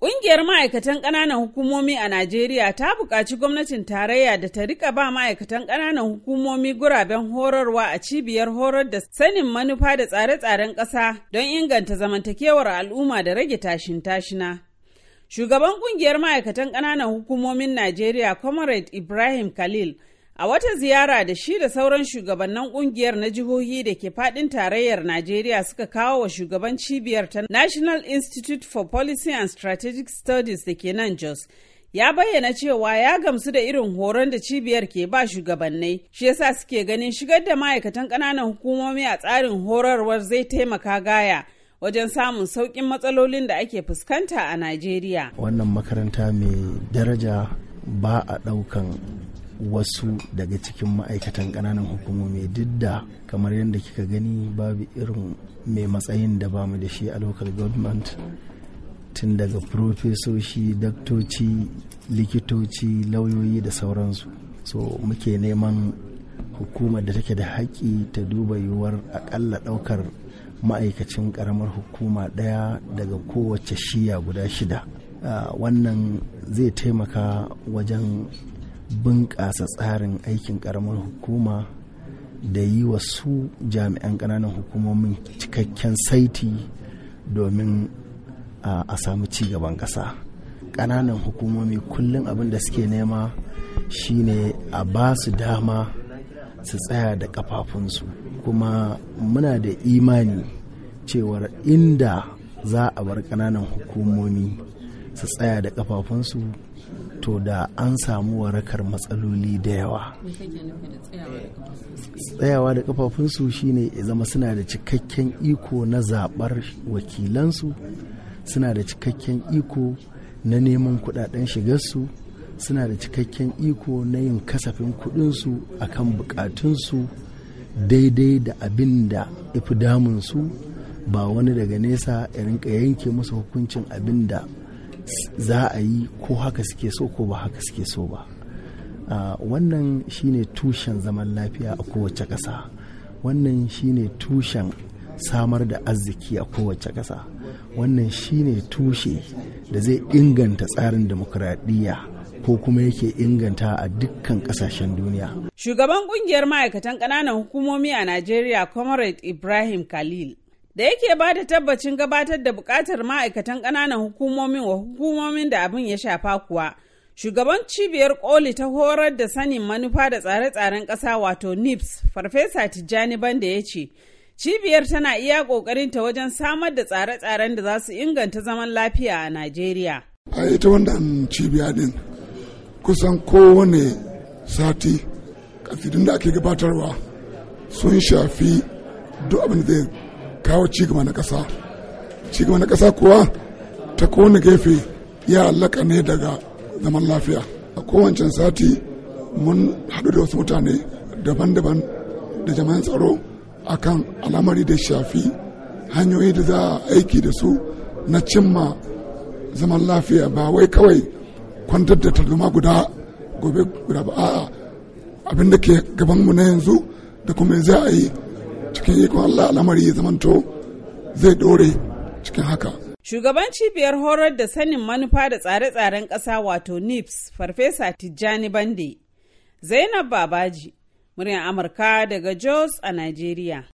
Ƙungiyar ma'aikatan ƙananan hukumomi a Najeriya ta buƙaci gwamnatin tarayya da ta rika ba ma'aikatan ƙananan hukumomi guraben horarwa a cibiyar horar da sanin manufa da tsare-tsaren ƙasa don inganta zamantakewar al'umma da rage tashin tashina. Shugaban ƙungiyar ma'aikatan ƙananan hukumomin Najeriya, Comrade Ibrahim Khalil, A wata ziyara da shi da sauran shugabannin kungiyar na jihohi da ke fadin tarayyar Najeriya suka kawo wa shugaban cibiyar ta National Institute for Policy and Strategic Studies da ke nan Jos. Ya bayyana cewa ya gamsu da irin horon da cibiyar ke ba shugabannai, shi yasa suke ganin shigar da ma'aikatan ƙananan hukumomi a tsarin horarwar zai taimaka gaya. wajen samun sauƙin matsalolin da ake fuskanta a Najeriya. Wannan makaranta mai daraja ba a ɗaukan wasu daga cikin ma'aikatan kananan hukumomi duk da kamar yadda kika gani babu irin mai matsayin da ba mu da shi a local government tun daga profesoshi daktoci likitoci lauyoyi da sauransu so muke neman hukumar da take da haƙƙi ta duba yiwuwar aƙalla ɗaukar ma'aikacin ƙaramar hukuma ɗaya daga kowace shiya guda shida ah, wannan zai taimaka wajen bunƙasa tsarin aikin ƙaramar hukuma da yi wa su jami'an ƙananan hukumomin cikakken saiti domin a samu gaban ƙasa ƙananan hukumomi kullum abin da suke nema shine a ba su dama su tsaya da ƙafafunsu kuma muna da imani cewar inda za a bar ƙananan hukumomi su tsaya da ƙafafunsu to da an samu warakar matsaloli da yawa tsayawa da kafafunsu shine ya zama suna da cikakken iko na zaɓar wakilansu suna da cikakken iko na neman kudaden shigarsu suna da cikakken iko na yin kasafin kudinsu akan bukatunsu daidai da abin da ifi damunsu ba wani daga nesa ya rinka yanke musu hukuncin abin da za a yi ko haka suke so ko ba haka suke so ba ah, wannan shine tushen zaman lafiya a kowace ƙasa wannan shine tushen samar da arziki a kowace ƙasa wannan shine tushe da zai inganta tsarin demokuraɗiyya ko kuma yake inganta a dukkan kasashen duniya. Shugaban kungiyar ma'aikatan ƙananan hukumomi a Najeriya, Comrade Ibrahim Khalil, da yake ba da tabbacin gabatar da bukatar ma'aikatan ƙananan hukumomin wa hukumomin da abin ya shafa kuwa shugaban cibiyar koli ta horar da sanin manufa da tsare-tsaren ƙasa wato nips farfesa tijjani banda ya ce cibiyar tana iya ƙoƙarin ta wajen samar da tsare-tsaren da za su inganta zaman lafiya a najeriya a ita wannan cibiya din kusan kowane sati kafidin da ake gabatarwa sun shafi duk abin da zai kawo cigaba na ƙasa cigaba na ƙasa kuwa ta kowane gefe ya allaka ne daga zaman lafiya a kowancin sati mun haɗu da wasu mutane daban-daban da jama'an tsaro akan al'amari da shafi hanyoyi da za a aiki da su na cimma zaman lafiya ba wai kawai kwantar da tarzoma guda gobe guda ba a'a abinda da ke gabanmu na yanzu da kuma za a yi cikin ikon Allah al'amari ya zamanto zai dore cikin haka. Shugaban cibiyar horar da sanin manufa da tsare-tsaren ƙasa wato NIPS, Farfesa Tijjani Bande, Zainab Babaji, muryar Amurka daga Jos a Najeriya.